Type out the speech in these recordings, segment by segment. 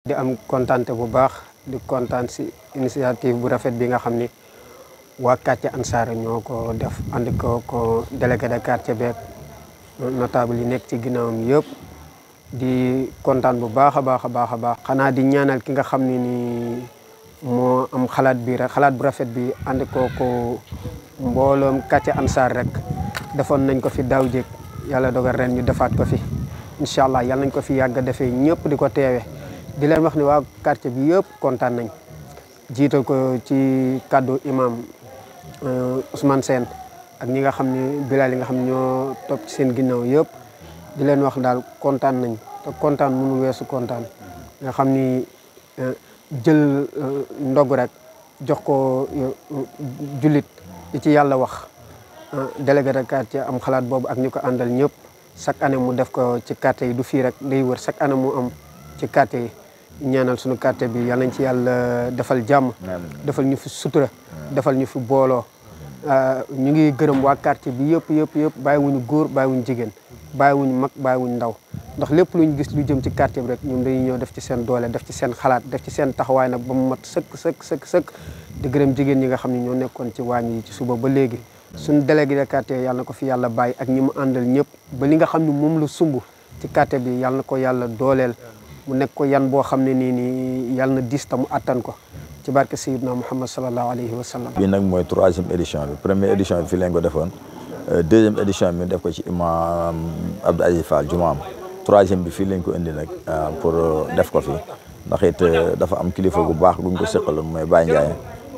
di am kontaante bu baax di kontaan ci initiative bu rafet bi nga xamni wa quartier Ansar ñoko def and ko ko délégué de quartier beeg notable yi nek ci ginaawum yépp di kontaan bu baaxa baaxa baaxa baax xana di ñaanal ki nga xamni ni mo am xalaat bi rek xalaat bu rafet bi and ko ko mbolom quartier Ansar rek defon nañ ko fi daaw jéeg dogal ren ñu defaat ko fi inshallah yalla nañ ko fi yag defé ñëpp di téwé di leen wax ni wa quartier bi yeb contane nañ jiital ko ci cadeau imam Ousmane eh, Sen ak ñi nga xamni bilal yi nga xamni ñoo top ci seen ginnaw yeb di leen wax dal contane nañ te contane mënu wessu contane nga xamni ni eh, jël eh, ndog rek jox ko julit ci yalla wax délégué de quartier am xalaat bobu ak ñuko ko ñep chaque année mu def ko ci quartier yi du fi rek day wër chaque année mu am ci quartier yi ñaanal suñu quartier bi yal nañ ci yàlla defal jàmm defal ñu fi sutura defal ñu fi booloo ah, ñu ngi gërëm waa quartier bi yëpp yëpp yëpp bàyyiwuñu góor bàyyiwuñu jigéen bàyyiwuñu mag bàyyiwuñu ndaw ndax lépp lu ñu gis lu jëm ci quartier bi rek ñoom dañuy ñëw def ci seen doole def ci seen xalaat def ci seen taxawaay nag ba mu mat sëkk sëkk sëkk sëkk di gërëm jigéen ñi nga xam ne ñoo nekkoon ci waañ yi ci suba ba léegi suñu délégué de quartier yàlla na ko fi yàlla bàyyi ak ñi mu àndal ñëpp ba li nga xam ne moom la sumb ci quartier bi yàlla na yàlla dooleel mu nekk ko yan boo xam ne nii nii yàlla na diis tamu attan ko ci barke Seydina Muhammad sallallahu alayhi wa sallam. bii nag mooy troisième édition bi première édition bi fii ko defoon euh, deuxième édition bi def ko ci imam Abdou Aziz Fall jumaam troisième bi fii lañ ko indi nag euh, pour euh, def ko fi ndax it dafa am kilifa gu baax guñ ko seqaloon mooy Baye Ndiaye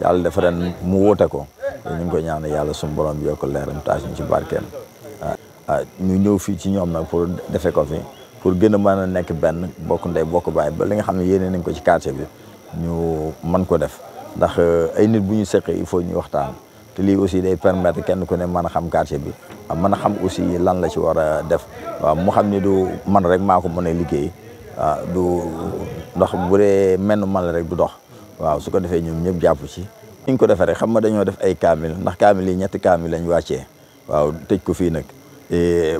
yàlla dafa ren mu woote ko ñu ngi ko ñaanal yàlla suñu borom bi yokk leeram taas ñu ci barkeem. ah ñu ñëw fii ci ñoom nag pour defee ko fi. pour gën a mën a nekk benn bokk ndey bokk baay ba nga xam ne yeneen nañ ko ci quartier bi ñu man ko def ndax euh, ay nit bu ñu seqee il faut ñu waxtaan te lii aussi day permettre kenn ku ne mën a xam quartier bi mën a xam aussi lan la ci war a def waaw mu xam ni du man rek maa ko mën a liggéey ah, du ndox bu dee menn man la rek du dox waaw su ko defee ñoom ñëpp jàpp ci ni ñu ko defee rek xam nga dañoo def ay kaamil ndax kaamil yi ñetti kaamil lañ wàccee waaw tëj ko fii nag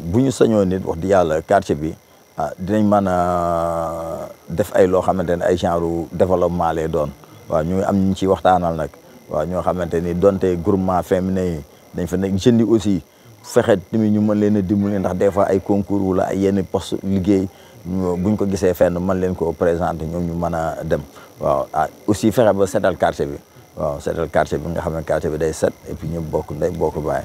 bu ñu sañoo di yàlla quartier bi ah dinañ mën a euh, def ay loo xamante ne ay genre développement lay doon waaw ñu am ñu ciy waxtaanal nag waaw ñoo xamante ni donte groupement féminin yi dañ fa nekk jeunes di aussi fexe tamit ñu mën leen a dimbali ndax des fois ay concours wala ay yenn post liggéey euh, buñ ko gisee fenn mën leen ko présenter ñu ñu mën a dem waaw ah aussi fexe ba setal quartier bi waaw setal quartier bi nga xam ne quartier bi day set et puis ñëpp bokk ndey bokk baay